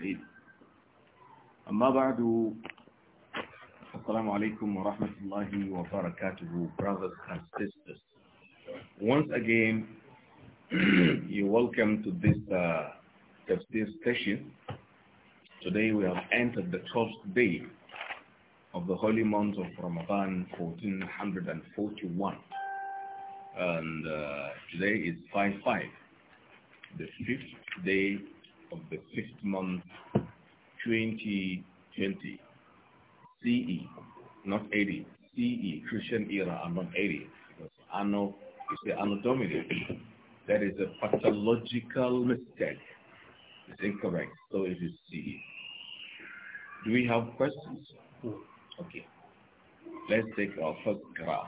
أجمعين أما بعد Assalamu alaikum wa rahmatullahi wa barakatuhu, brothers and sisters. Once again, you're welcome to this uh, tafsir session. Today we have entered the 12th day of the holy month of Ramadan 1441. And uh, today is 5-5, the fifth day of the fifth month, 2020 CE, not 80. CE, Christian era, and not 80. Because Anno, is the Anno Domini. That is a pathological mistake. It's incorrect. So it is CE. Do we have questions? Okay. Let's take our first graph.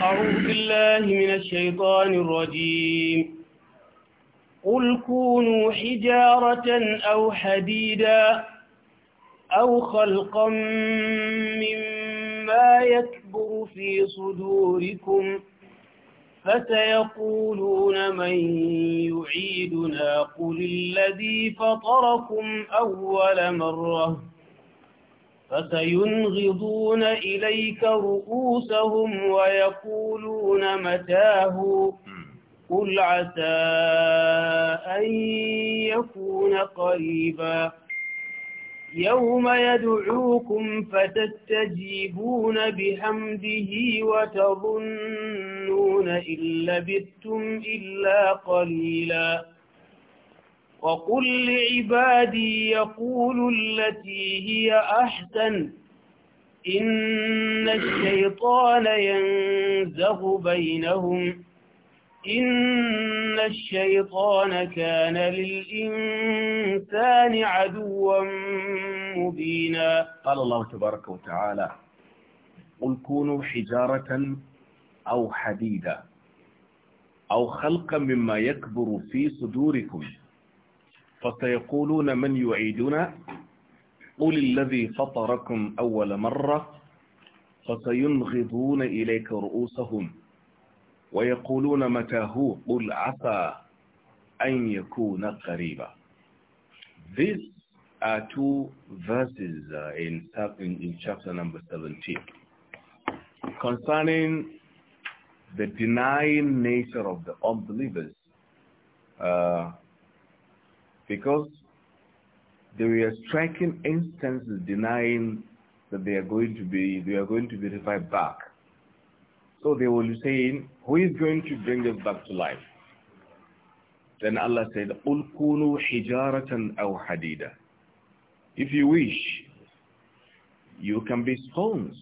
أعوذ بالله من الشيطان الرجيم قل كونوا حجارة أو حديدا أو خلقا مما يكبر في صدوركم فسيقولون من يعيدنا قل الذي فطركم أول مرة فسينغضون إليك رؤوسهم ويقولون متاهوا قل عسى أن يكون قريبا يوم يدعوكم فتستجيبون بحمده وتظنون إن لبثتم إلا قليلا وقل لعبادي يقولوا التي هي أحسن إن الشيطان ينزغ بينهم إن الشيطان كان للإنسان عدوا مبينا قال الله تبارك وتعالى قل كونوا حجارة أو حديدا أو خلقا مما يكبر في صدوركم فسيقولون من يعيدنا قل الذي فطركم أول مرة فسينغضون إليك رؤوسهم ويقولون متى هو قل عسى أن يكون قريبا These are two verses uh, in, in, in chapter number 17 concerning the denying nature of the unbelievers uh, because there are striking instances denying that they are going to be they are going to be revived back so they were saying, who is going to bring us back to life? Then Allah said, قُلْ hijaratan aw hadida." If you wish, you can be stones,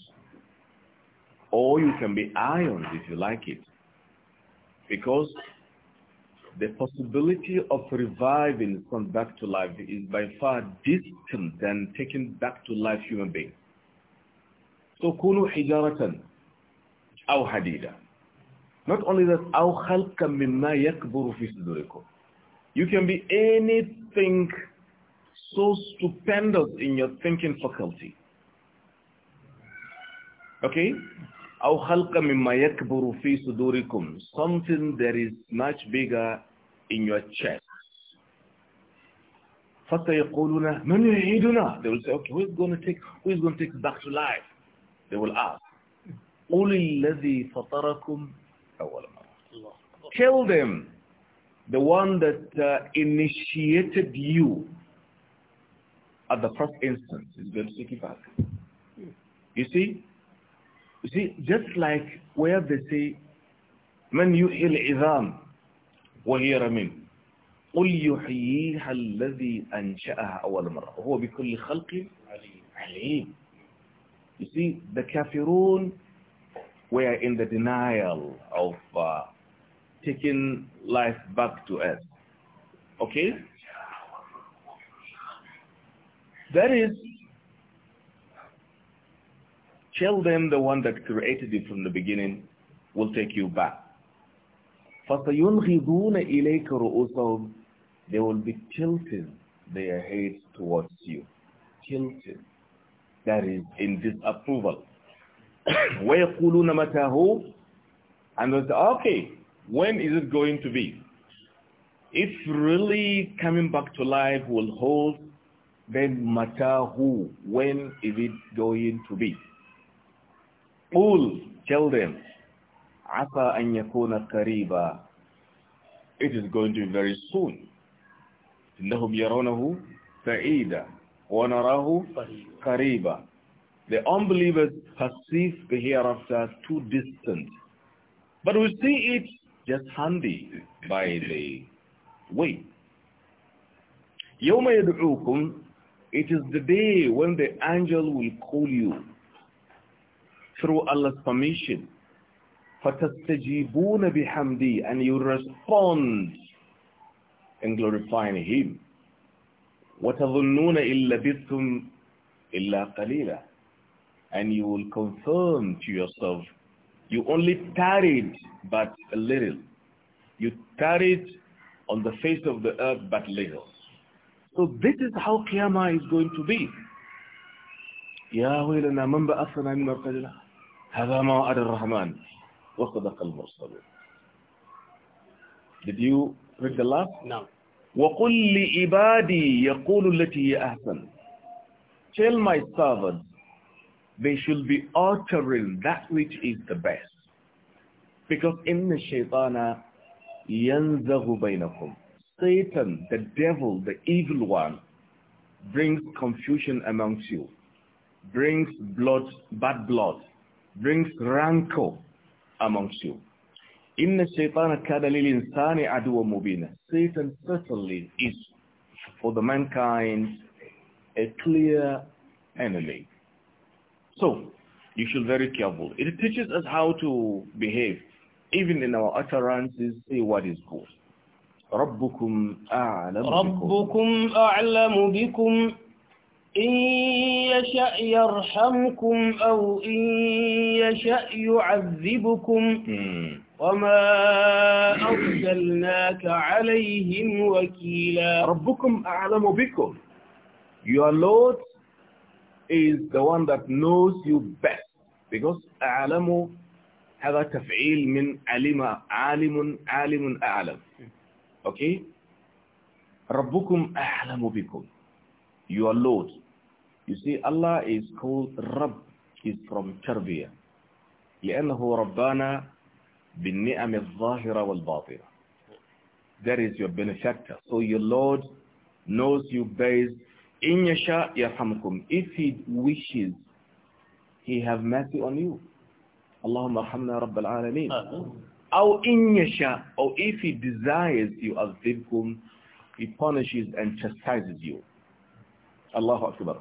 or you can be iron if you like it. Because the possibility of reviving someone back to life is by far distant than taking back to life human beings. So, كُونُوا hijaratan not only that you can be anything so stupendous in your thinking faculty okay something that is much bigger in your chest فسيقولون من يعيدنا they will say okay who is going to take who is going to take back to life they will ask قل الذي فطركم أول مرة Tell them the one that uh, initiated you at the first instance is going to take you back. You see? You see, just like where they say, من يحيي العظام وهي رميم قل يحييها الذي أنشأها أول مرة وهو بكل خلق عليم You see, the kafirun were in the denial of uh, taking life back to earth. Okay? That is, tell them the one that created you from the beginning will take you back. فَسَيُنْغِضُونَ إِلَيْكَ رُؤُسَهُمْ They will be tilting their heads towards you. Tilting. That is in disapproval. وَيَقُولُونَ مَتَاهُ And they say, okay, when is it going to be? If really coming back to life will hold, then matahu, when is it going to be? All tell them, asa an yakuna kariba. It is going to be very soon. إنهم يرونه بعيدا ونراه قريبا the unbelievers perceive the hereafter too distant. But we see it just handy by the way. يَوْمَ يَدْعُوكُمْ It is the day when the angel will call you through Allah's permission. فَتَسْتَجِيبُونَ بِحَمْدِي And you respond in glorifying Him. وَتَظُنُّونَ إِلَّا بِثُمْ إِلَّا قَلِيلًا and you will confirm to yourself, you only tarried but a little. You tarried on the face of the earth but little. So this is how Qiyamah is going to be. Did you read the last? No. وقل لعبادي يقول التي هي أحسن Tell my servants they should be uttering that which is the best. Because in the shaitana, yanzahu bainakum. Satan, the devil, the evil one, brings confusion amongst you, brings blood, bad blood, brings rancor amongst you. Inna shaitana kana lil insani aduwa mubina. Satan certainly is for the mankind a clear enemy. So, you should be very careful. It teaches us how to behave. Even in our utterances, say what is good. ربكم أعلم ربكم أعلم بكم إن يشأ يرحمكم أو إن يشأ يعذبكم hmm. وما أرسلناك عليهم وكيلا ربكم أعلم بكم Your Lord is the one that knows you best. Because أعلم هذا تفعيل من علم عالم عالم أعلم. Okay? ربكم أعلم بكم. Your Lord. You see, Allah is called Rabb. is from تربية. لأنه ربَّانا بالنعم الظاهرة والباطنة. There is your benefactor. So your Lord knows you based In yasha yarhamkum. If he wishes, he have mercy on you. Allahumma arhamna rabbal alameen. Or in yasha, or if he desires you azibkum, he punishes and chastises you. Allahu Akbar.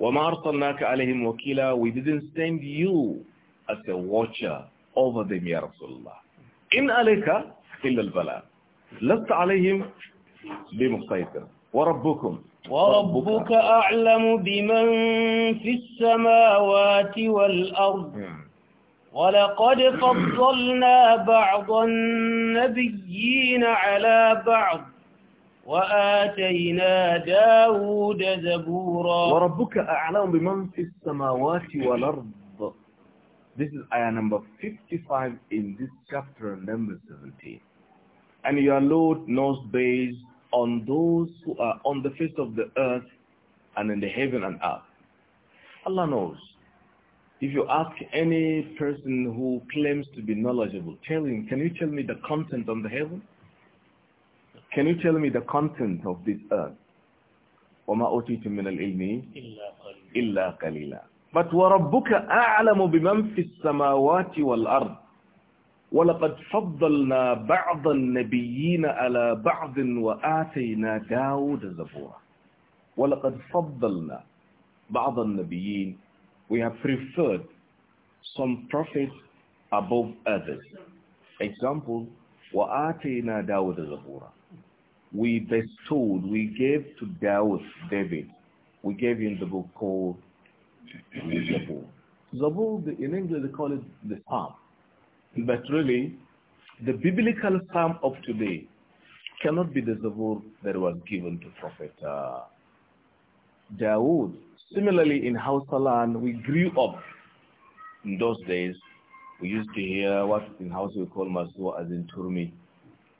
وَمَا أَرْسَلْنَاكَ عَلَيْهِمْ وَكِيلًا We didn't send you as a watcher over them, Ya Rasulullah. إِنْ عَلَيْكَ إِلَّا الْبَلَاءِ لَسْتَ عَلَيْهِمْ بِمُسَيْطِرٍ وَرَبُّكُمْ وربك أعلم بمن في السماوات والأرض نعم. ولقد فضلنا بعض النبيين على بعض وآتينا داود زبورا وربك أعلم بمن في السماوات والأرض This is ayah number 55 in this chapter, number 17. And your Lord knows based on those who are on the face of the earth and in the heaven and earth. Allah knows. If you ask any person who claims to be knowledgeable, tell him, can you tell me the content on the heaven? Can you tell me the content of this earth? وَمَا أُوتِيتُم مِّنَ الْعِلْمِ إِلَّا قَلِيلًا But وَرَبُّكَ أَعْلَمُ بِمَنْ فِي السَّمَاوَاتِ وَالْأَرْضِ وَلَقَدْ فَضَّلْنَا بَعْضَ النَّبِيِّينَ عَلَى بَعْضٍ وَآتَيْنَا دَاوُدَ زَبُورًا وَلَقَدْ فَضَّلْنَا بَعْضَ النَّبِيِّينَ We have preferred some prophets above others. Example, وَآتَيْنَا دَاوُدَ زَبُورًا We bestowed, we gave to Daud, David, we gave him the book called Zabur. Zabur, in English they call it the Psalm. But really, the biblical psalm of today cannot be the Zabur that was given to Prophet uh, Dawood. Similarly, in Hausaland, we grew up in those days. We used to hear what in Hausa we call Masua as in Turmi.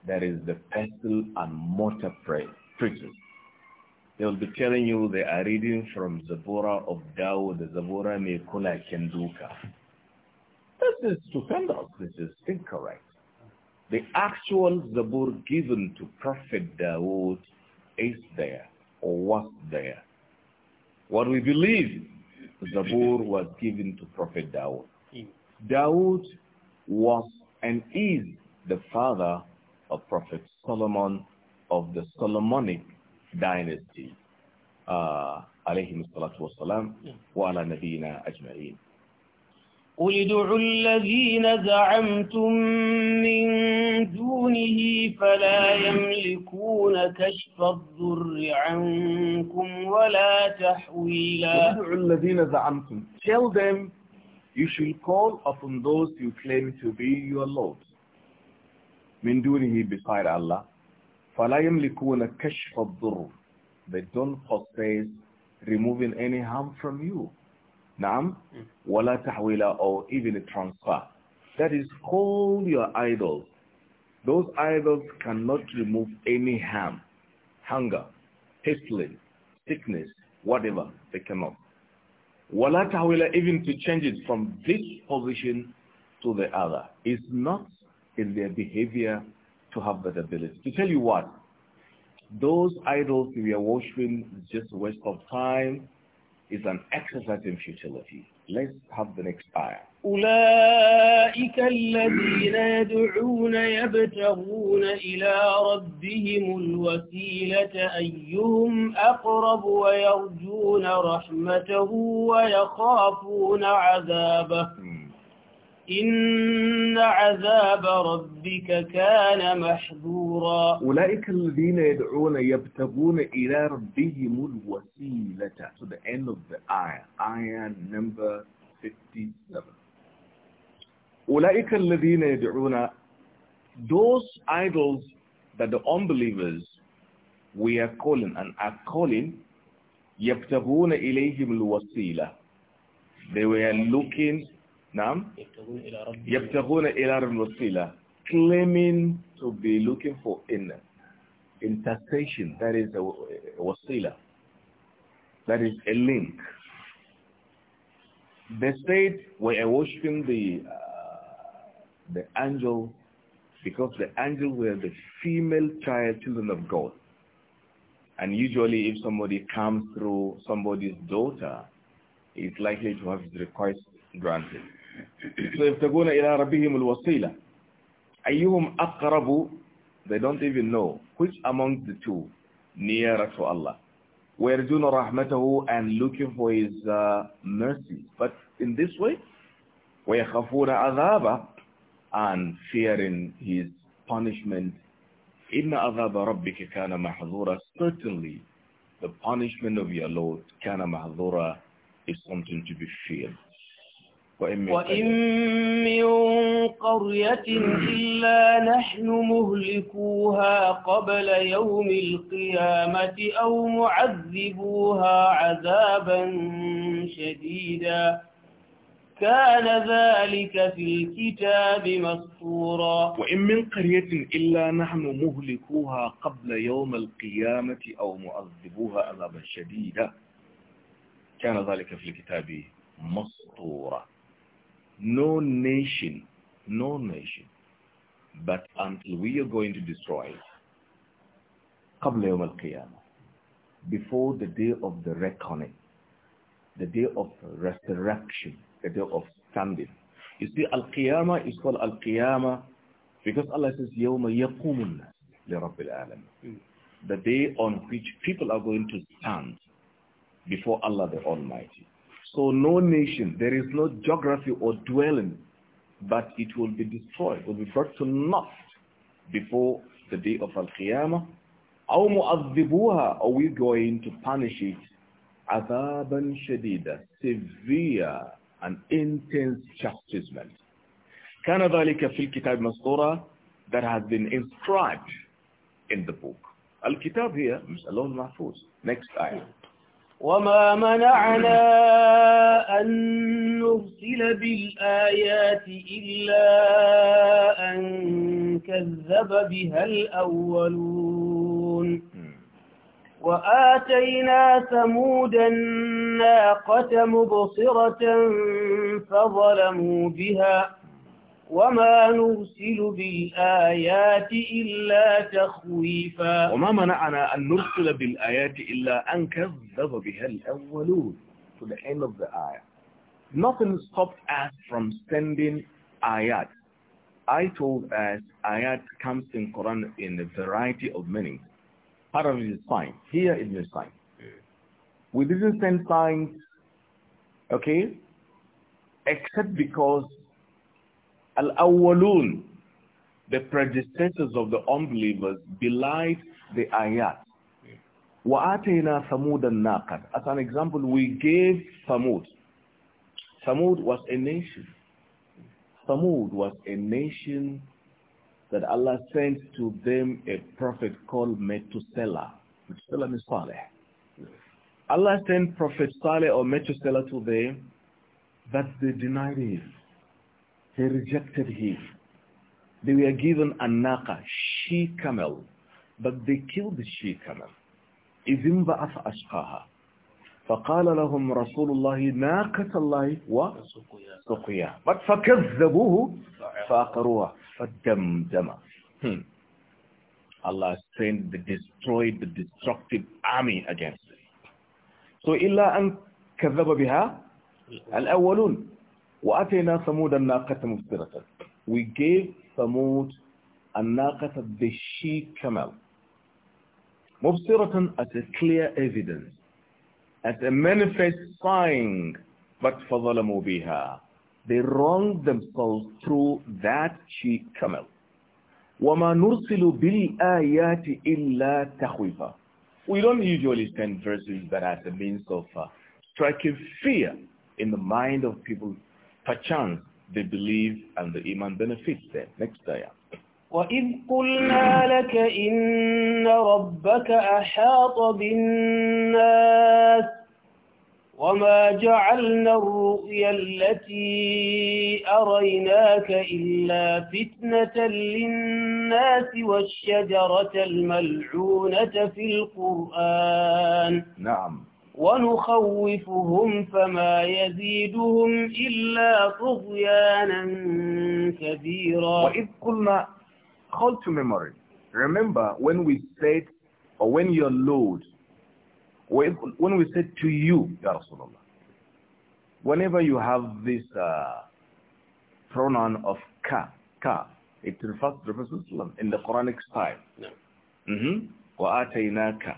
That is the pestle and mortar preachers. They will be telling you they are reading from Zabura of Dawood, the Zabura Mekula Kenduka. This is stupendous. This is incorrect. The actual Zabur given to Prophet Dawood is there or was there. What we believe, Zabur was given to Prophet Dawood. Dawood was and is the father of Prophet Solomon of the Solomonic dynasty. Uh, عليهم الصلاة والسلام أجمعين قل ادعوا الذين زعمتم من دونه فلا يملكون كشف الضر عنكم ولا تحويلا ادعوا الذين زعمتم Tell them you should call upon those you claim to be your lords من دونه beside Allah فلا يملكون كشف الضر They don't possess removing any harm from you Nam, wala tahwila, or even transfer. That is, call your idols. Those idols cannot remove any harm, hunger, pestilence, sickness, whatever, they cannot. Wala tahwila, even to change it from this position to the other. is not in their behavior to have that ability. To tell you what, those idols we are worshipping is just a waste of time is an exercise in futility. Let's have the next ayah. أولئك الذين يدعون يبتغون إلى ربهم الوسيلة أيهم أقرب ويرجون رحمته ويخافون عذابه hmm. إن عذاب ربك كان محذورا أولئك الذين يدعون يبتغون إلى ربهم الوسيلة So the end of the ayah ayah number 57 أولئك الذين يدعون those idols that the unbelievers we are calling and are calling يبتغون إليهم الوسيلة they were looking Nam? Yabtaguna ila wasila. Claiming to be looking for in intercession. That is a, wasila. That is a link. They said we are worshiping the uh, the angel because the angel were the female child children of God. And usually if somebody comes through somebody's daughter, it's likely to have his request granted. سيبتغون إلى ربهم الوسيلة أيهم أقرب they don't even know which among the two nearer to Allah ويرجون رحمته and looking for his uh, mercy but in this way ويخافون عذابه and fearing his punishment إن عذاب ربك كان محظورا certainly the punishment of your Lord كان محظورا is something to be feared وإن من قرية إلا نحن مهلكوها قبل يوم القيامة أو معذبوها عذابا شديدا كان ذلك في الكتاب مسطورا وإن من قرية إلا نحن مهلكوها قبل يوم القيامة أو معذبوها عذابا شديدا كان ذلك في الكتاب مسطورا no nation, no nation, but until we are going to destroy it, قبل يوم القيامة, before the day of the reckoning, the day of resurrection, the day of standing. You see, Al-Qiyamah is called Al-Qiyamah because Allah says, يَوْمَ يَقُومُ النَّاسِ لِرَبِّ الْعَالَمِ The day on which people are going to stand before Allah the Almighty. So no nation, there is no geography or dwelling, but it will be destroyed, will be brought to naught before the day of Al-Qiyamah. أَوْ مُعَذِّبُوهَا Are we going to punish it? عَذَابًا شَدِيدًا Severe and intense chastisement. كَانَ ذَلِكَ فِي الْكِتَابِ مَسْطُورًا That has been inscribed in the book. Al-Kitab here is Alon Mahfuz. Next ayah. وما منعنا أن نرسل بالآيات إلا أن كذب بها الأولون وآتينا ثمود الناقة مبصرة فظلموا بها وما نرسل بالآيات إلا تخويفا وما منعنا أن نرسل بالآيات إلا أن كذب بها الأولون to the end of the ayah nothing stopped us from sending ayat I told us ayat comes in Quran in a variety of meanings part of it is sign here it fine sign we didn't send signs okay except because Al-awwalun, the predecessors of the unbelievers, belied the ayat. وَآتَيْنَا ثَمُودَ النَّاقَةِ As an example, we gave Thamud. Thamud was a nation. Thamud was a nation that Allah sent to them a prophet called Metusela. Metusela is Saleh. Allah sent Prophet Saleh or Metusela to them, but they denied him. They rejected him. They were given a naka, she camel, but they killed the she camel. إذ انبعث أشقاها فقال لهم رسول الله ناقة الله وسقيا but فكذبوه فأقروها فدمدم hmm. Allah sent the destroyed the destructive army against them so إلا أن كذب بها الأولون وأتينا ثمود الناقة مبصرة we gave ثمود الناقة the she camel مبصرة as a clear evidence as a manifest sign but فظلموا بها they wronged themselves through that she camel وما نرسل بالآيات إلا تخويفا We don't usually send verses that are the means of uh, striking fear in the mind of people Perchance they believe and the iman benefits them. Next ayah. وَإِذْ قُلْنَا لَكَ إِنَّ رَبَّكَ أَحَاطَ بِالنَّاسِ وَمَا جَعَلْنَا الرُّؤْيَا الَّتِي أَرَيْنَاكَ إِلَّا فِتْنَةً لِلنَّاسِ وَالشَّجَرَةَ الْمَلْعُونَةَ فِي الْقُرْآنِ نعم ونخوفهم فما يزيدهم إلا طغيانا كبيرا وإذ قلنا call to memory remember when we said or when your Lord when we said to you Ya Rasulullah whenever you have this uh, pronoun of ka ka it refers to the Prophet in the Quranic style no. mm -hmm. وَآتَيْنَاكَ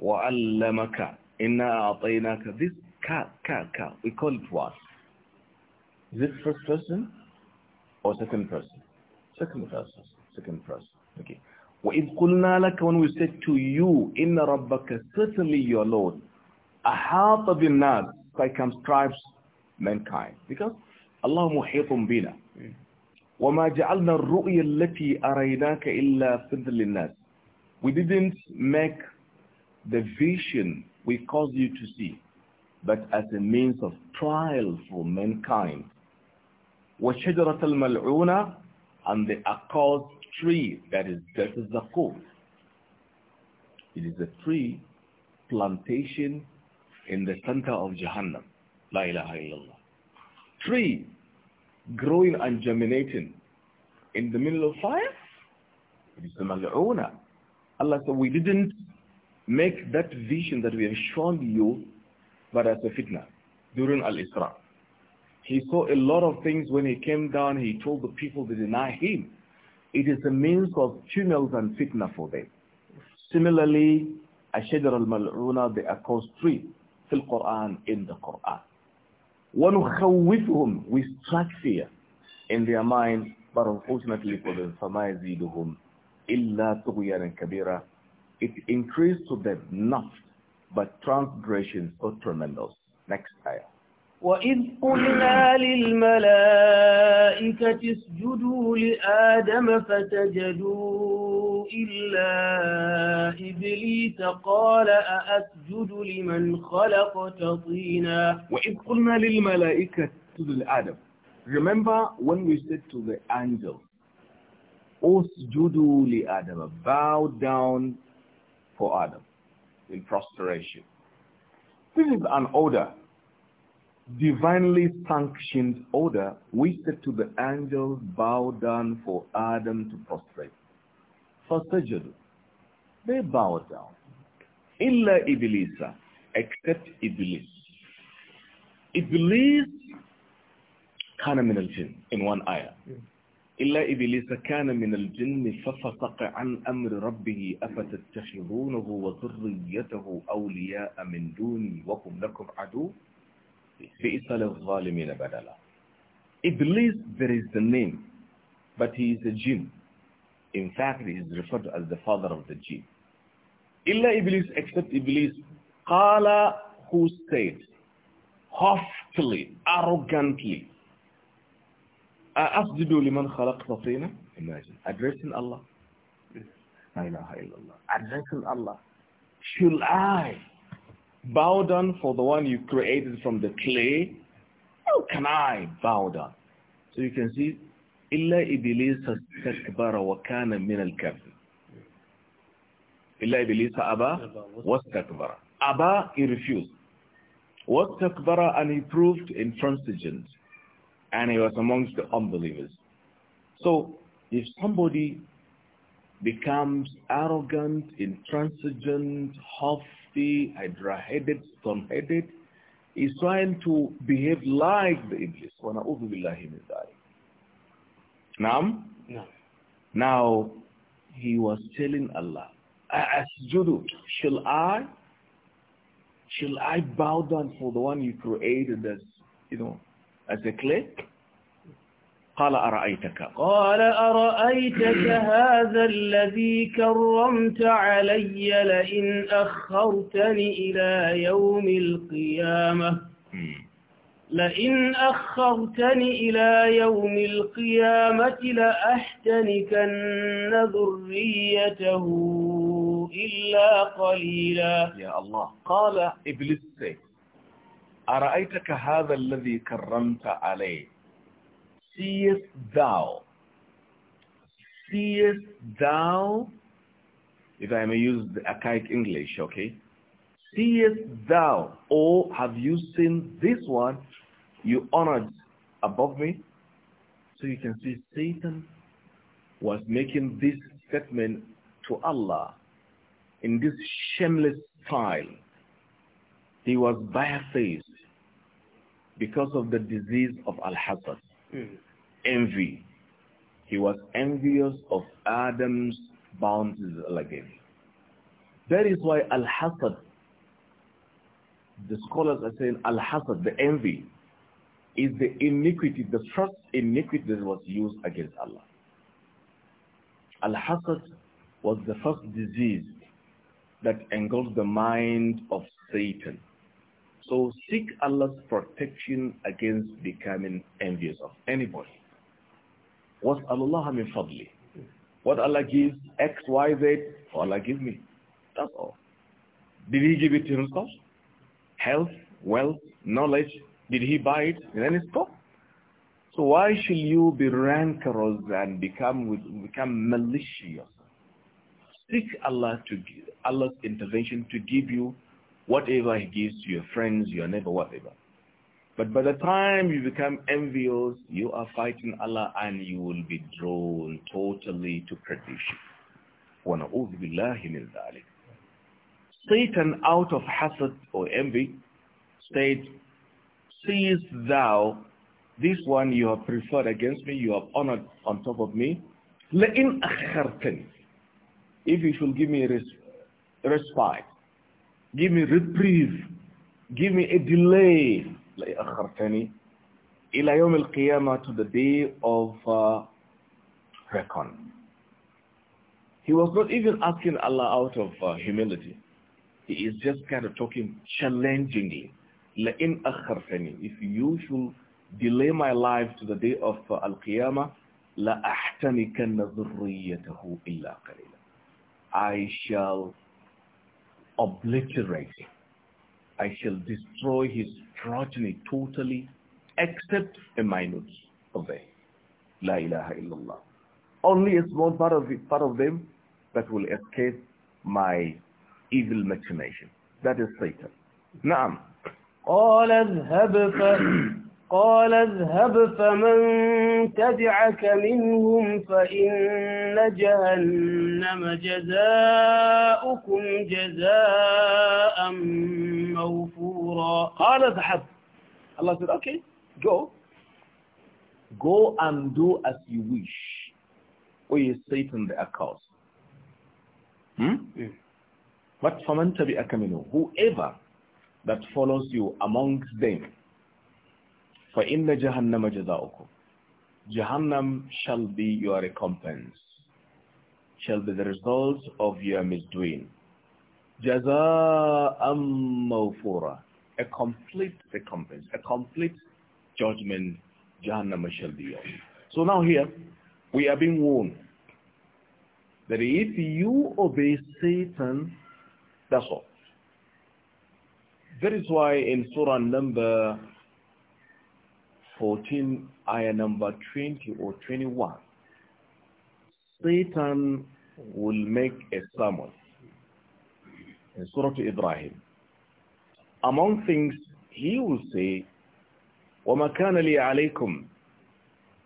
وَعَلَّمَكَ Inna a'tainaka. This ka, ka, ka. We call it what? Is it first person or second person? Second person. Second person. Okay. وَإِذْ قُلْنَا لَكَ When we said to you, إِنَّ رَبَّكَ Certainly your Lord. أَحَاطَ بِالنَّاسِ Circumscribes mankind. Because Allah محيط بنا. وَمَا جَعَلْنَا الرُّؤْيَ الَّتِي أَرَيْنَاكَ إِلَّا فِضْلِ النَّاسِ We didn't make the vision we cause you to see, but as a means of trial for mankind. وَشَجَرَةَ الْمَلْعُونَ And the accursed tree, that is, that is the code. It is a tree plantation in the center of Jahannam. La ilaha illallah. Tree growing and germinating in the middle of fire. It is the mal'una. Allah said, we didn't make that vision that we have shown you but as a fitna during Al-Isra. He saw a lot of things when he came down, he told the people to deny him. It is a means of tunnels and fitna for them. Similarly, Ashadar al-Mal'una, they are called three, fil Quran, in the Quran. whom We strike fear in their mind, but unfortunately for them, فَمَا يَزِيدُهُمْ إِلَّا تُغْيَانًا كَبِيرًا it increased to the not, but transgressions so tremendous. Next ayah. وَإِذْ قُلْنَا لِلْمَلَائِكَةِ اسْجُدُوا لِآدَمَ فَسَجَدُوا إِلَّا إِبْلِيسَ قَالَ أَأَسْجُدُ لِمَنْ خَلَقْتَ طِينًا وَإِذْ قُلْنَا لِلْمَلَائِكَةِ اسْجُدُوا Adam. Remember when we said to the angels, O sujudu li bow down for Adam in prostration. This is an order, divinely sanctioned order, which said to the angels, bow down for Adam to prostrate. Fasajadu. They bow down. Illa Iblisa, except Iblis. Iblis, kana min in one ayah. إلا إبليس كان من الجن ففتق عن أمر ربه أفتتخذونه وذريته أولياء من دوني وهم لكم عدو بئس للظالمين بدلا Iblis, there is the name, but he is a jinn. In fact, he is referred to as the father of the jinn. إلا إبليس except إبليس Qala, who said, hostily, arrogantly, Asjudu liman khalaq tatina. Imagine. Addressing Allah. La ilaha illallah. Addressing Allah. Should I bow down for the one you created from the clay? How can I bow down? So you can see, إِلَّا إِبْلِيسَ اسْتَكْبَرَ وَكَانَ مِنَ الْكَافِرِ إِلَّا إِبْلِيسَ أَبَى وَاسْتَكْبَرَ Abba, he refused. وَاسْتَكْبَرَ and he proved intransigent and he was amongst the unbelievers. So if somebody becomes arrogant, intransigent, haughty, hydra-headed, stone-headed, he's trying to behave like the Iblis. Naam? No. Now, he was telling Allah, Asjudu, shall I? Shall I bow down for the one you created as, you know, I said, click. قال أرأيتك قال أرأيتك هذا الذي كرمت علي لئن أخرتني إلى يوم القيامة لئن أخرتني إلى يوم القيامة لأحتنكن ذريته إلا قليلا يا الله قال إبليس أرأيتك هذا الذي كرمت عليه Seest thou Seest thou If I may use the archaic English, okay Seest thou or have you seen this one you honored above me? So you can see Satan was making this statement to Allah in this shameless style. He was barefaced because of the disease of al-hasad, mm. envy. He was envious of Adam's bounties again. That is why al-hasad, the scholars are saying al-hasad, the envy, is the iniquity, the first iniquity that was used against Allah. Al-hasad was the first disease that engulfed the mind of Satan. So seek Allah's protection against becoming envious of anybody. What Allah min fadli. What Allah gives X, Y, Z, Allah give me. That's all. Did he give it to himself? Health, wealth, knowledge? Did he buy it in any store? So why should you be rancorous and become with, become malicious? Seek Allah to give, Allah's intervention to give you whatever he gives to your friends, your neighbor, whatever. But by the time you become envious, you are fighting Allah and you will be drawn totally to perdition. Satan out of hatred or envy said, Seest thou this one you have preferred against me, you have honored on top of me. him أَخَّرْتَنِ If you should give me respite, Give me reprieve. Give me a delay. لأخرتني إلى يوم القيامة to the day of uh, reckoning. He was not even asking Allah out of uh, humility. He is just kind of talking challengingly. لَإِنْ أَخَّرْتَنِي If you should delay my life to the day of uh, Al-Qiyamah, لَأَحْتَنِكَنَّ ذُرِّيَّتَهُ إِلَّا قَلِيلًا I shall obliterate. I shall destroy his progeny totally, except a minute of them. La ilaha illallah. Only a small part of, it, part of them that will escape my evil machination. That is Satan. Naam. قال اذهب فمن تبعك منهم فإن جهنم جزاؤكم جزاء موفورا قال اذهب الله said okay go go and do as you wish or you Satan the accursed hmm? mm. but فمن تبعك منهم whoever that follows you amongst them for in the Jahannam shall be your recompense, shall be the result of your misdoing. Jaza'am mawfura, a complete recompense, a complete judgment, Jahannam shall be yours. So now here, we are being warned that if you obey Satan, that's all. That is why in Surah number 14, ayah number 20 or 21, Satan will make a sermon in Surah Ibrahim. Among things he will say, وَمَا كَانَ لِي عَلَيْكُمْ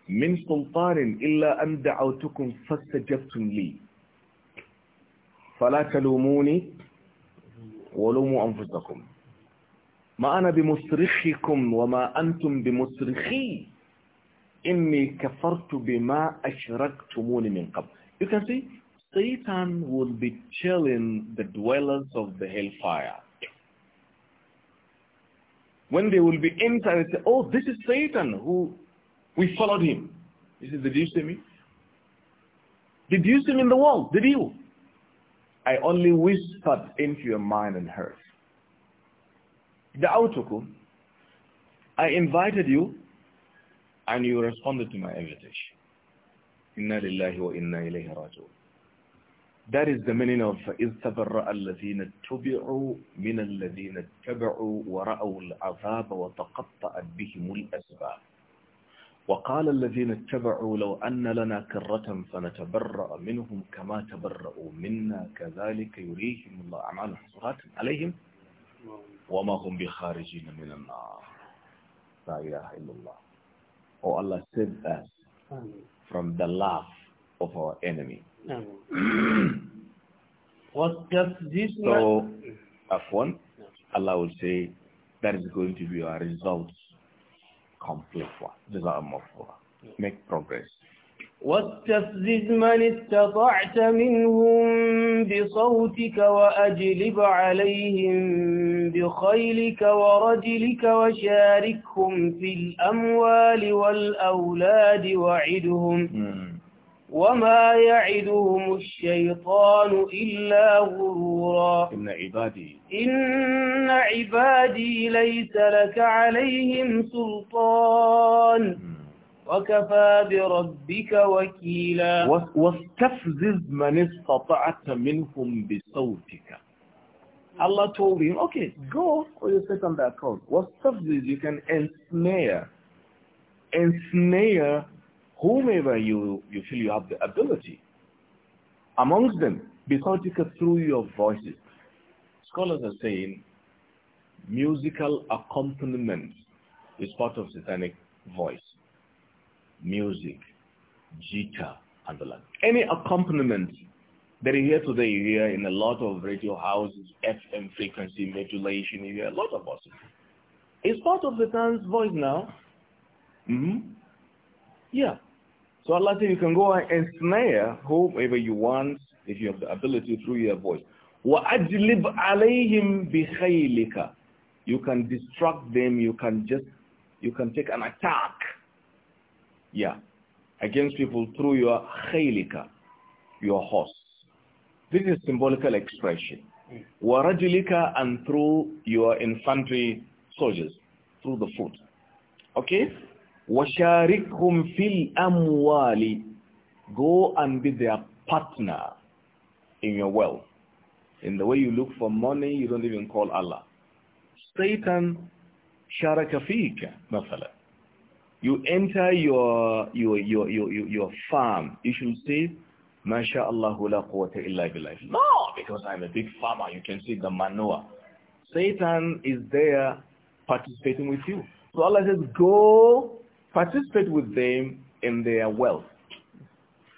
مِنْ سُلْطَانٍ إِلَّا أَنْ دَعَوْتُكُمْ فَاسْتَجَبْتُمْ لِي فَلَا تَلُومُونِي وَلُومُوا أَنفُسَكُمْ ما أنا بمصرخكم وما أنتم بمصرخي إني كفرت بما أشركتموني من قبل You can see Satan will be telling the dwellers of the hellfire when they will be inside and say, oh, this is Satan who we followed him. He says, did you see me? Did you see me in the world? Did you? I only whispered into your mind and heart. Da'autukum, I invited you and you responded to my invitation. Inna lillahi wa inna ilayhi raji'un. That is the meaning of إِذْ تَبَرَّأَ الَّذِينَ اتُّبِعُوا مِنَ الَّذِينَ اتَّبَعُوا وَرَأَوُا الْعَذَابَ وَتَقَطَّعَتْ بِهِمُ الْأَسْبَابِ وقال الذين اتبعوا لو أن لنا كرة فنتبرأ منهم كما تبرأوا منا كذلك يريهم الله أعمال حصرات عليهم وَمَا هُمْ بِخَارِجِينَ مِنَ La ilaha illallah. Oh Allah, save us Amen. from the laugh of our enemy. this so, Afwan, Allah will say, that is going to be our results complete one. These are Make progress. واستفزز من استطعت منهم بصوتك وأجلب عليهم بخيلك ورجلك وشاركهم في الأموال والأولاد وعدهم وما يعدهم الشيطان إلا غرورا إن عبادي إن عبادي ليس لك عليهم سلطان وكفى بربك وكيلا واستفزز من استطعت منهم بصوتك Allah told him, okay, go or you sit on what? account. Wastafiz, you can ensnare, ensnare whomever you, you feel you have the ability. Amongst them, can through your voices. Scholars are saying musical accompaniment is part of satanic voice music, guitar, and the like. Any accompaniment that you hear today, you hear in a lot of radio houses, FM frequency modulation, you hear a lot of us. It's part of the dance voice now. Mm -hmm. Yeah. So Allah says you can go and snare whoever you want if you have the ability through your voice. وَأَجْلِبْ عَلَيْهِمْ بِخَيْلِكَ You can distract them, you can just, you can take an attack yeah. Against people through your khaylika, your horse. This is symbolical expression. Hmm. Warajilika and through your infantry soldiers, through the foot. Okay? Washarikhum fil amwali. Go and be their partner in your wealth. In the way you look for money, you don't even call Allah. Satan sharaka fika, مثلا you enter your your your your your farm, you should say, "MashaAllah, la quwwata illa billah." No, because I'm a big farmer. You can see the manure. Satan is there participating with you. So Allah says, "Go participate with them in their wealth."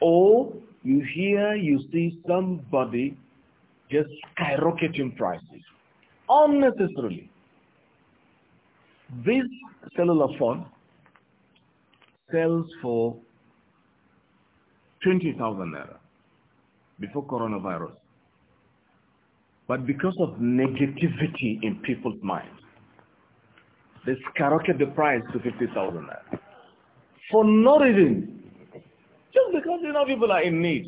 Or you hear, you see somebody just skyrocketing prices unnecessarily. This cellular phone sells for 20,000 naira before coronavirus. But because of negativity in people's minds, they skyrocket the price to 50,000 naira. For no reason. Just because you know people are in need.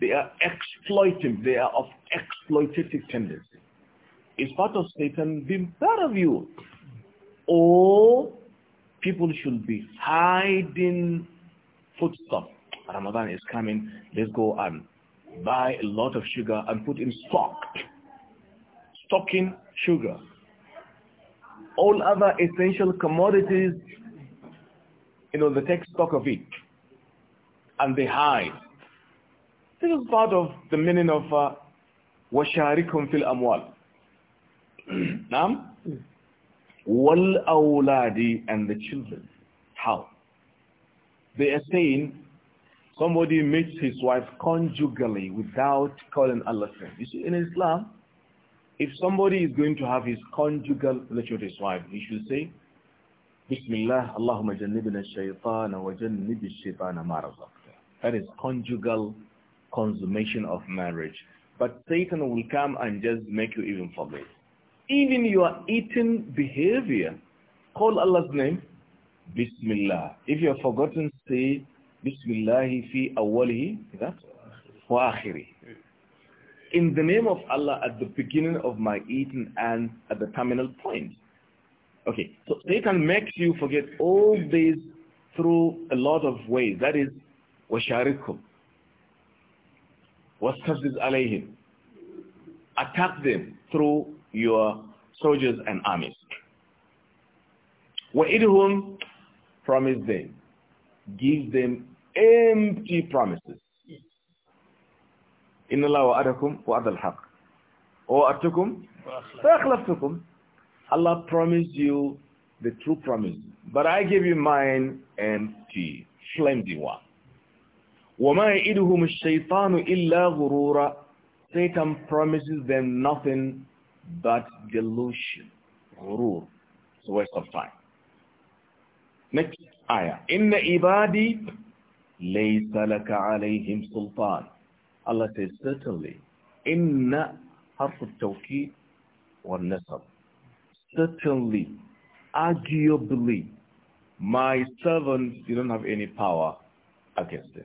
They are exploiting. They are of exploitative tendency. It's part of Satan being part of you. Or people should be hiding foodstuff. Ramadan is coming. Let's go and buy a lot of sugar and put in stock. Stocking sugar. All other essential commodities, you know, they take stock of it. And they hide. This is part of the meaning of uh, وَشَارِكُمْ fil amwal. Nam? wal awladi and the children. How? They are saying somebody meets his wife conjugally without calling Allah name. You see, in Islam, if somebody is going to have his conjugal relationship with his wife, he should say, Bismillah, Allahumma jannibna shaytan wa jannib shaytan That is conjugal consummation of marriage. But Satan will come and just make you even forget even your eating behavior, call Allah's name, Bismillah. If you have forgotten, say, Bismillahi fi awwalihi, that, wa akhiri. In the name of Allah at the beginning of my eating and at the terminal point. Okay, so Satan makes you forget all these through a lot of ways. That washarikum. وَشَارِكُمْ وَاسْتَفْزِزْ عَلَيْهِمْ Attack them through your soldiers and armies. وَإِدْهُمْ Promise them. Give them empty promises. إِنَّ اللَّهَ وَعَدَكُمْ Or الْحَقِّ وَأَتُكُمْ فَأَخْلَفْتُكُمْ Allah promised you the true promise. But I gave you mine empty, flimsy one. وَمَا يَئِدُهُمُ الشَّيْطَانُ إِلَّا غُرُورًا Satan promises them nothing that delusion, ghurur, is a waste of time. Next ayah. Inna ibadi laysa laka alayhim sultan. Allah says, certainly. Inna harf al-tawqid wa nasab. Certainly, arguably, my servants, you don't have any power against them.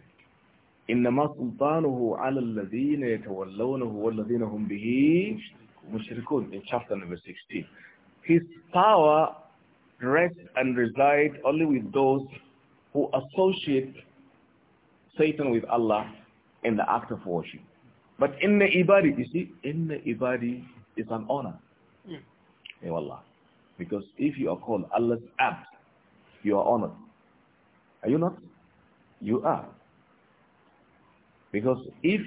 إنما سلطانه على الذين يتولونه والذين هم به Mushrikun in chapter number 16. His power rests and resides only with those who associate Satan with Allah in the act of worship. But in the ibadi, you see, in the ibadi is an honor. Yeah. Allah. Because if you are called Allah's abd, you are honored. Are you not? You are. Because if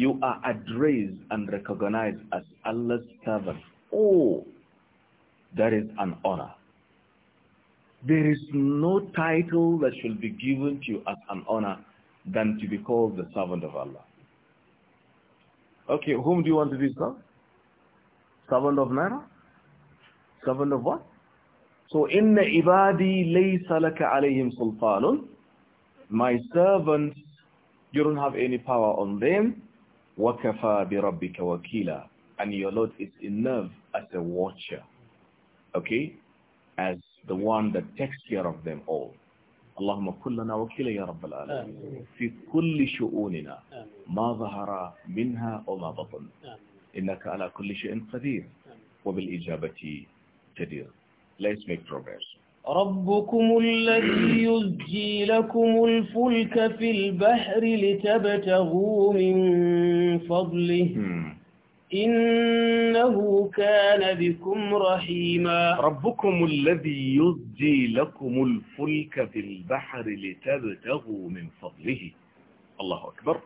you are addressed and recognized as Allah's servant. Oh, that is an honor. There is no title that should be given to you as an honor than to be called the servant of Allah. Okay, whom do you want to be called? Servant of Nara? Servant of what? So, inna ibadi laysa laka alayhim sultanun. My servants, you don't have any power on them. وَكَفَى بِرَبِّكَ وَكِيلًا And your Lord is enough as a watcher, okay? As the one that takes care of them all. اللهم كن لنا وكيلا يا رب العالمين في كل شؤوننا ما ظهر منها وما بطن إنك على كل شيء قدير وبالإجابة جدير Let's make progress. ربكم الذي يزجي لكم الفلك في البحر لتبتغوا من فضله إنه كان بكم رحيما ربكم الذي يزجي لكم الفلك في البحر لتبتغوا من فضله الله أكبر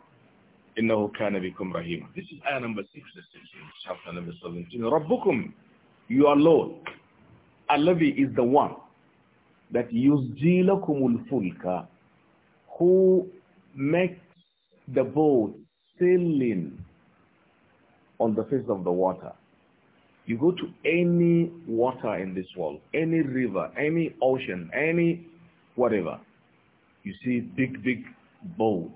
إنه كان بكم رحيما This is آية number 6 chapter number 17 ربكم are Lord الذي is the one that yusjilakumul fulka, who makes the boat sailing on the face of the water. You go to any water in this world, any river, any ocean, any whatever, you see big, big boats,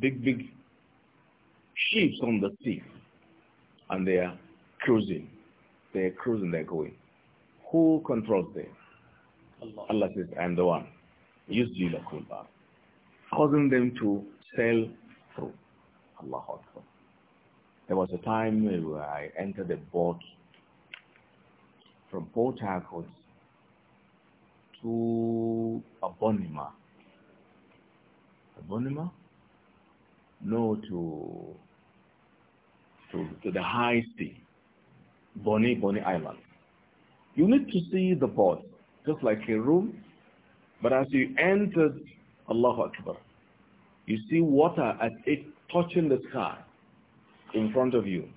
big, big ships on the sea, and they are cruising. They are cruising, they are going. Who controls them? Allah. Allah says, I'm the one. Use Jilakullah. Causing them to sell through. Allah Akbar. There was a time where I entered a boat from Port Harcourt to Abonima. Abonima? No, to, to, to the high sea, Bonny, Bonny Island. You need to see the board, just like a room. But as you enter, Allahu Akbar, you see water as it touching the sky in front of you.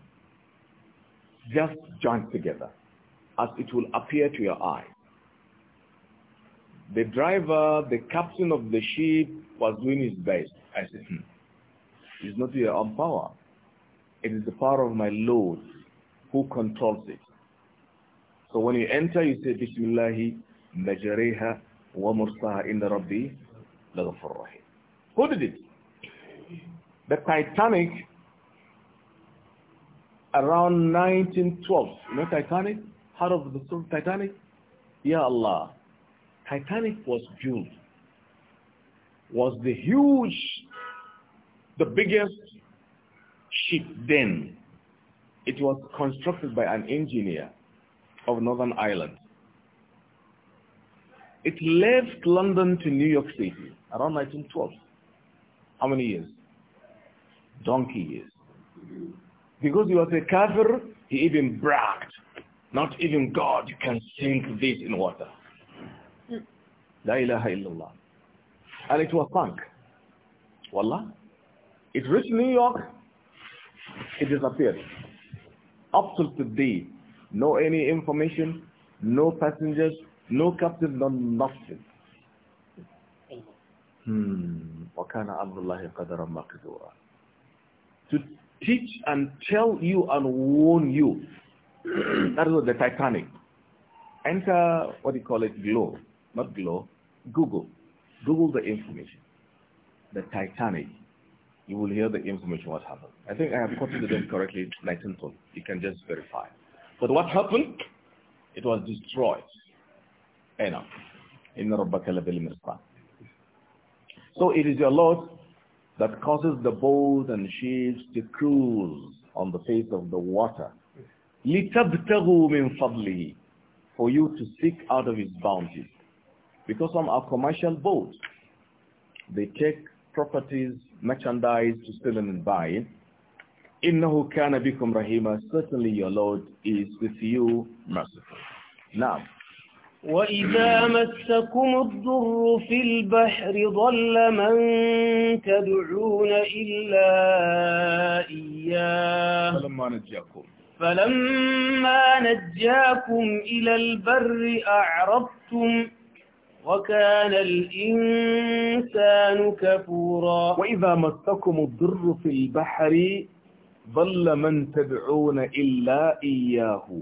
Just joined together as it will appear to your eye. The driver, the captain of the ship was doing his best. I said, hmm. it's not your own power. It is the power of my Lord who controls it. So when you enter, you say, Bismillahi majareha wa mursaha inna rabbi laghafur rahim. Who did it? The Titanic around 1912. You know Titanic? Heart of the story, Titanic? Ya Allah. Titanic was built, was the huge, the biggest ship then. It was constructed by an engineer of Northern Ireland. It left London to New York City around 1912. How many years? Donkey years. Because he was a kafir, he even bragged. Not even God can sink this in water. La ilaha illallah. And it was sunk. Wallah. It reached New York. It disappeared. Up till today, no any information, no passengers, no captain, no nothing. Hmm. To teach and tell you and warn you. that was the Titanic. Enter, what do you call it, Glow. Not Glow, Google. Google the information. The Titanic. You will hear the information what happened. I think I have quoted them correctly, Nightingale. You can just verify. But what happened? It was destroyed. So it is your Lord that causes the boats and ships to cruise on the face of the water. For you to seek out of his bounty. Because some are commercial boats. They take properties, merchandise to sell and buy إنه كان بكم رحيما certainly your Lord is with you merciful نعم وإذا مسكم الضر في البحر ضل من تدعون إلا إياه فلما نجاكم فلما نجاكم إلى البر أعرضتم وكان الإنسان كفورا وإذا مسكم الضر في البحر ضل من تدعون إلا إياه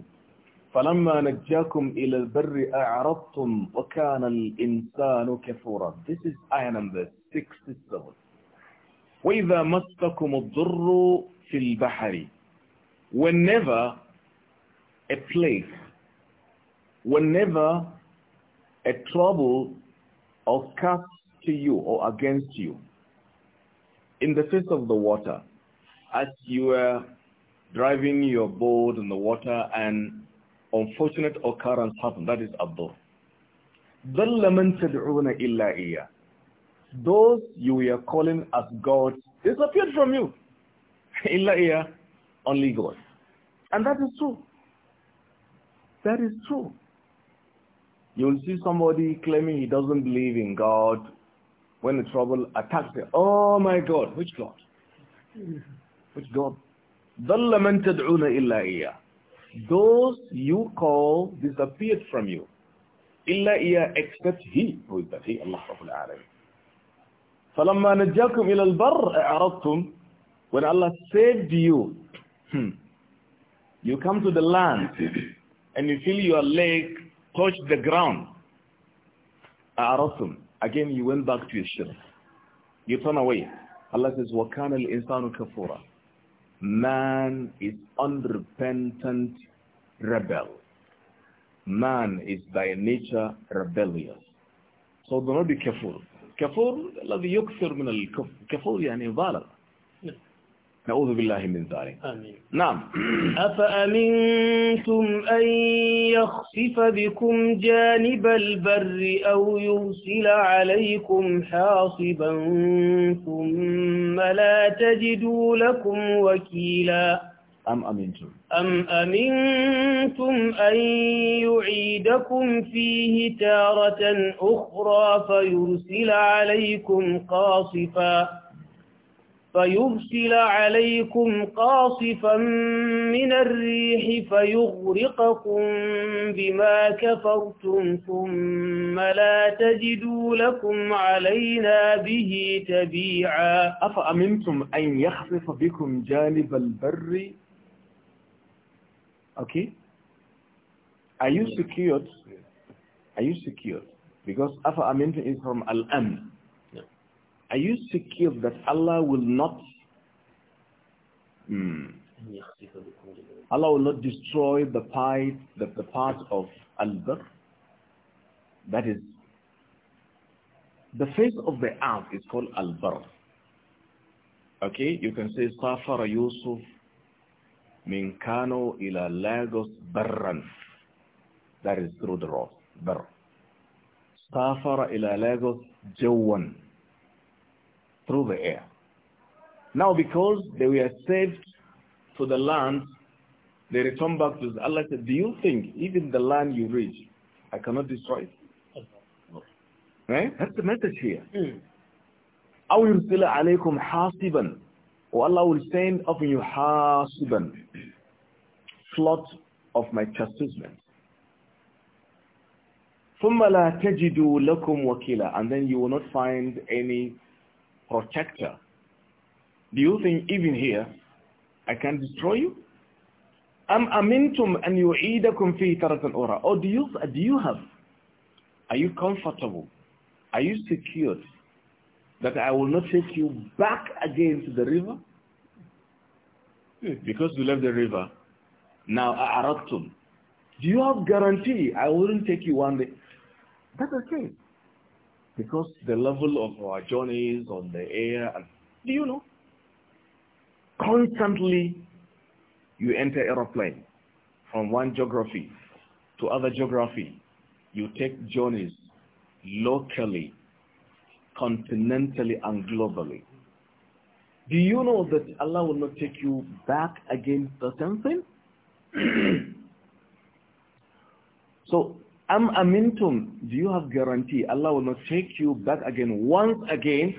فلما نجاكم إلى البر أعرضتم وكان الإنسان كفورا This is ayah number 67 وإذا مستكم الضر في البحر Whenever a place Whenever a trouble occurs to you or against you in the face of the water as you were driving your boat in the water and unfortunate occurrence happened. That is Abdul. ظَلَّ lamented تَدْعُونَ إِلَّا إِيَّا Those you were calling as gods disappeared from you. إِلَّا إِيَّا Only God. And that is true. That is true. You'll see somebody claiming he doesn't believe in God when the trouble attacks him. Oh my God, which God? Which God? The lamented تَدْعُونَ إِلَّا Those you call disappeared from you. Illa iya except He. Who is that He? Allah Rabbul Alam. فَلَمَّا نَجَّاكُمْ إِلَى الْبَرِّ أَعْرَضْتُمْ When Allah saved you, hmm, you come to the land and you feel your leg touch the ground. أَعْرَضْتُمْ Again, you went back to your shirk. You turn away. Allah says, وَكَانَ الْإِنسَانُ كَفُورًا Man is unrepentant rebel. Man is by nature rebellious. So do not be kafur. Kafur, الذي يكثر من الكفر. Kafur يعني violence. نعوذ بالله من ذلك آمين. نعم أفأمنتم أن يخسف بكم جانب البر أو يرسل عليكم حاصبا ثم لا تجدوا لكم وكيلا أم أمنتم أم أمنتم أن يعيدكم فيه تارة أخرى فيرسل عليكم قاصفا فيرسل عليكم قاصفا من الريح فيغرقكم بما كفرتم ثم لا تجدوا لكم علينا به تبيعا أفأمنتم أن يخفف بكم جانب البر Okay? Are you secured? Are you secured? Because أفأمنتم is from al-amn Are you secure that Allah will not hmm, Allah will not destroy the part, the, the part of Al-Barr? is, the face of the earth is called al Okay, you can say, Safara Yusuf min Kano ila Lagos Barran. That is through the road, Barr. Safara ila Lagos Jawan through the air. Now because they were saved to the land, they returned back to Allah said, do you think even the land you reach, I cannot destroy it? Right? That's the message here. will hmm. يُرْسِلَ alaykum حَاصِبًا Or Allah will send upon you حَاصِبًا Flood of my chastisement. ثُمَّ لَا تَجِدُوا لَكُمْ وَكِيلًا And then you will not find any protector. Do you think even here I can destroy you? Am amintum an yu'idakum fi taratan ura? Or do you, do you have? Are you comfortable? Are you secured that I will not take you back again to the river? Hmm. Because you left the river. Now, a'araktum. Do you have guarantee I wouldn't take you one day? That's okay. Because the level of our journeys on the air, and, do you know? Constantly you enter aeroplane from one geography to other geography. You take journeys locally, continentally, and globally. Do you know that Allah will not take you back against the same thing? so Am amintum, do you have guarantee? Allah will not take you back again, once again.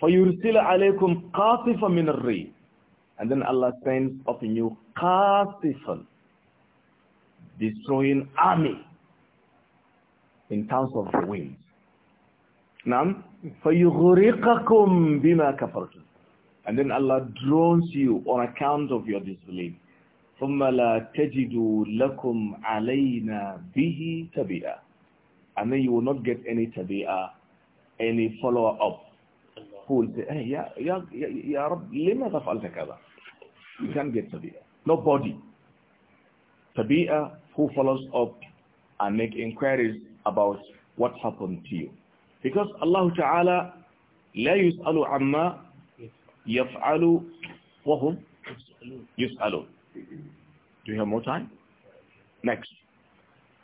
فَيُرْسِلَ عَلَيْكُمْ قَاطِفًا مِنَ الرِّي And then Allah sends upon you قَاطِفًا Destroying army in terms of the winds. نعم فَيُغْرِقَكُمْ بِمَا كَفَرْتُمْ And then Allah drones you on account of your disbelief. ثم لا تجدوا لكم علينا به تبيئة and then you will not get any tabi'a any follower up who will say hey يا يا يا رب لماذا فعلت كذا you can't get tabi'a nobody tabi'a who follows up and make inquiries about what happened to you because Allah Ta'ala لا يسأل عما يفعل وهم يسألون Do you have more time? Next.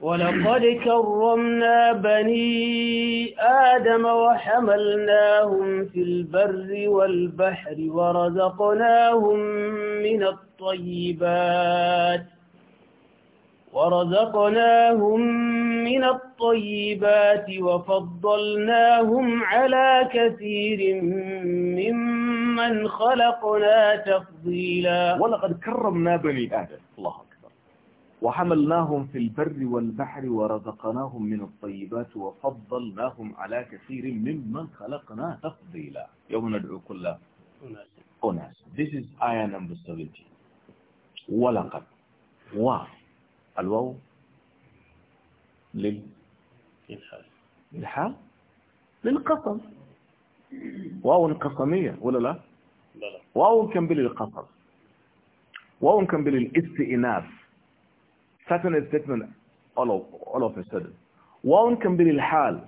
ولقد كرمنا بني آدم وحملناهم في البر والبحر ورزقناهم من الطيبات ورزقناهم من الطيبات وفضلناهم على كثير ممن من خلقنا تفضيلا ولقد كرمنا بني آدم الله أكبر وحملناهم في البر والبحر ورزقناهم من الطيبات وفضلناهم على كثير ممن خلقنا تفضيلا يوم ندعو كل أناس This is ayah آية number 17 ولقد و الواو لل للحال للقصد واو القسمية ولا لا واو كان بالقصر واو كان بالاستئناف certain statement all of, all of a واو كان الحال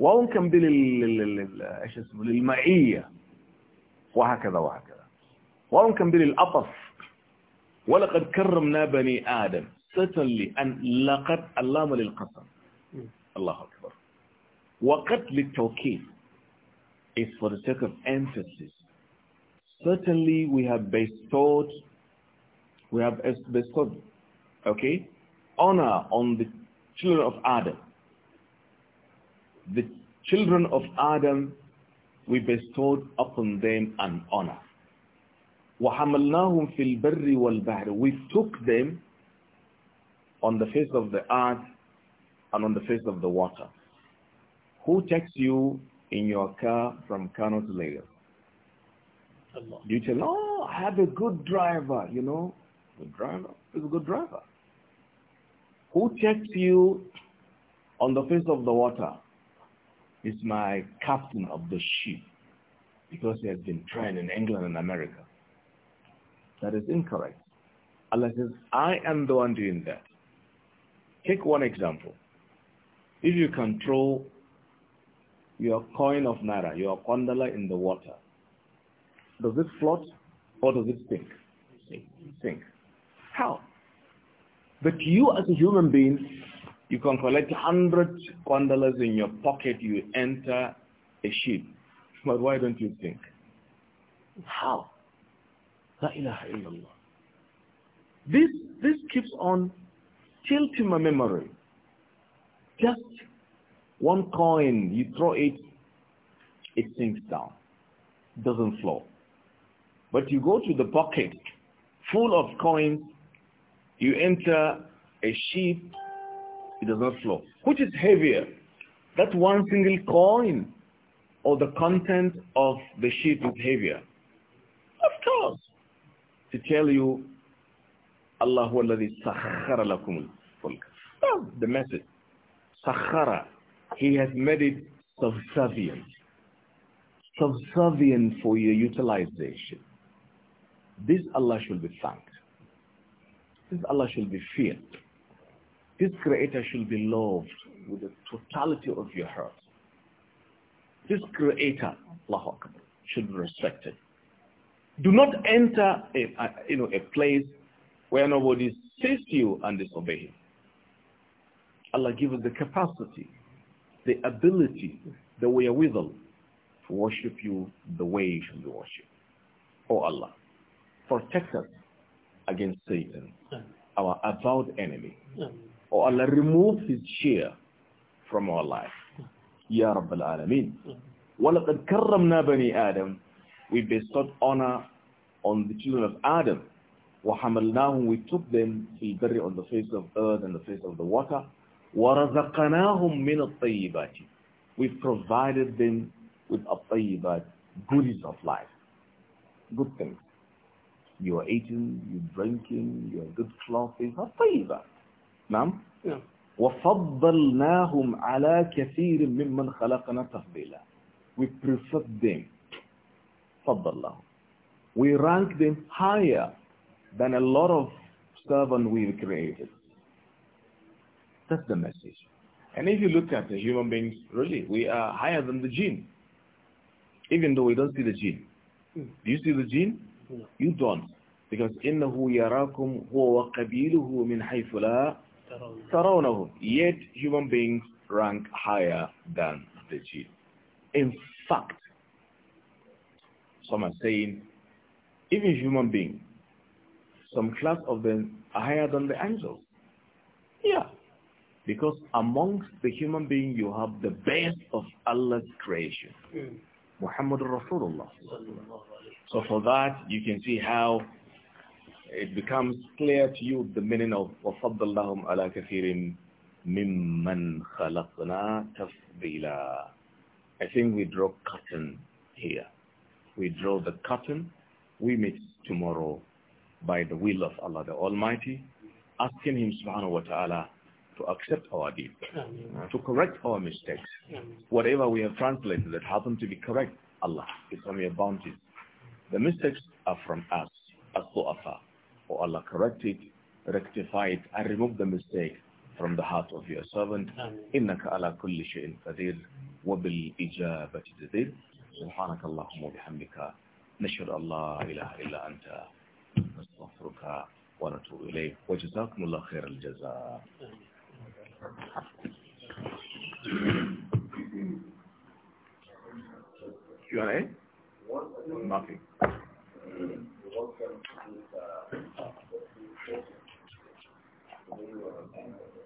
واو كان بلي ايش اسمه للمعيه وهكذا وهكذا واو كان الاطف ولقد كرمنا بني ادم certainly ان لقد اللام للقسم الله اكبر وقد للتوكيد is for the sake of emphasis. Certainly we have bestowed, we have bestowed, okay, honor on the children of Adam. The children of Adam, we bestowed upon them an honor. وَحَمَلْنَاهُمْ فِي الْبَرِّ وَالْبَحْرِ We took them on the face of the earth and on the face of the water. Who takes you in your car from Kano to Lagos? You tell, oh, I have a good driver, you know. Good driver is a good driver. Who checks you on the face of the water? Is my captain of the ship because he has been trained in England and America. That is incorrect. Allah says, I am the one doing that. Take one example. If you control your coin of Naira, your gondola in the water, does it float or does it sink? Sink. How? But you as a human being, you can collect 100 gondolas in your pocket, you enter a ship. But why don't you think? How? La ilaha illallah. This, this keeps on tilting my memory. Just one coin, you throw it, it sinks down, doesn't flow. But you go to the bucket full of coins, you enter a sheep, it does not flow. Which is heavier? That one single coin or the content of the sheep is heavier? Of course. To tell you, Allahu alladhi sakhara lakum al That's the message. Sahara. He has made it subservient, subservient for your utilization. This Allah should be thanked. This Allah should be feared. This Creator should be loved with the totality of your heart. This Creator, Allahu Akbar, should be respected. Do not enter a, a, you know, a place where nobody sees you and disobey him. Allah give us the capacity the ability, the wherewithal to worship you the way you should be worshipped. O oh Allah, protect us against Satan, our avowed enemy. O oh Allah, remove his share from our life. Ya Rabb al-Alameen. وَلَقَدْ كَرَّمْنَا بَنِي آدَمْ We bestowed honor on the children of Adam. وَحَمَلْنَاهُمْ We took them to the on the face of earth and the face of the water. وَرَزَقَنَاهُمْ مِنَ الطَّيِّبَاتِ We provided them with a طيبات goodies of life, good things. You are eating, you are drinking, you are good clothing, a tayyibat. نعم؟ yeah. وَفَضَّلْنَاهُمْ عَلَى كَثِيرٍ مِمَّنْ خَلَقَنَا تَفْضِيلًا We preferred them. الله We rank them higher than a lot of servants we created. That's the message. And if you look at the human beings, really, we are higher than the gene. Even though we don't see the gene. Hmm. Do you see the gene? No. Hmm. You don't. Because إِنَّهُ يَرَاكُمْ هُوَ وَقَبِيلُهُ مِنْ حَيْثُ لَا تَرَوْنَهُ Yet human beings rank higher than the gene. In fact, some are saying, even human beings, some class of them are higher than the angels. Yeah. Because amongst the human being, you have the best of Allah's creation, mm. Muhammad Rasulullah. So for that, you can see how it becomes clear to you the meaning of وَفَضَّ ala عَلَى كَثِيرٍ mimman خَلَقْنَا تَفْضِيلًا I think we draw curtain here. We draw the curtain. We meet tomorrow by the will of Allah the Almighty, asking Him subhanahu wa ta'ala to accept our deeds, uh, to correct our mistakes. Whatever we have translated that happened to be correct, Allah, is on your bounty. The mistakes are from us, as su'afa. For Allah correct it, rectify it, and remove the mistake from the heart of your servant. إِنَّكَ عَلَى كُلِّ شَيْءٍ قَدِيرٍ وَبِالْإِجَابَةِ جَدِيرٍ سبحانك اللهم وبحمدك نشهد أن لا إله إلا أنت نستغفرك ونتوب إليك وجزاكم الله خير الجزاء Q&A? Nothing.